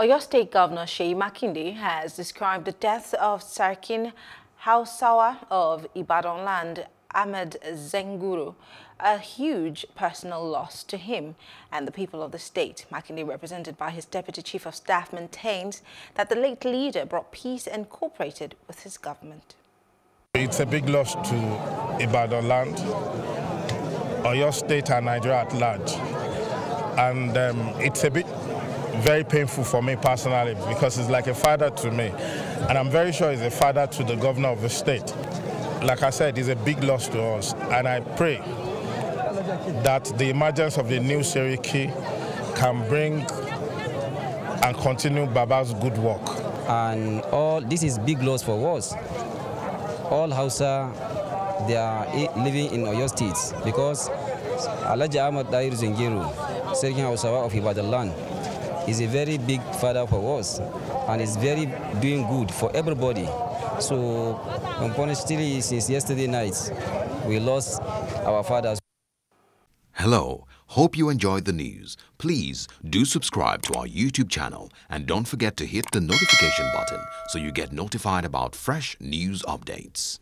Oyo State Governor Shei Makinde has described the death of Sarkin Hausawa of Ibadan land, Ahmed Zenguru, a huge personal loss to him and the people of the state. Makinde, represented by his deputy chief of staff, maintains that the late leader brought peace and cooperated with his government. It's a big loss to Ibadan land, Oyo State and Nigeria at large. And um, it's a bit very painful for me personally because he's like a father to me. And I'm very sure he's a father to the governor of the state. Like I said, he's a big loss to us. And I pray that the emergence of the new Seriki can bring and continue Baba's good work. And all this is big loss for us. All Hausa, they are living in Oyo states because Alaja Ahmad Dair Zengiru, Seriki Hausawa of Ibadan land, is a very big father for us and is very doing good for everybody. So unfortunately, since yesterday night, we lost our fathers. Hello. Hope you enjoyed the news. Please do subscribe to our YouTube channel and don't forget to hit the notification button so you get notified about fresh news updates.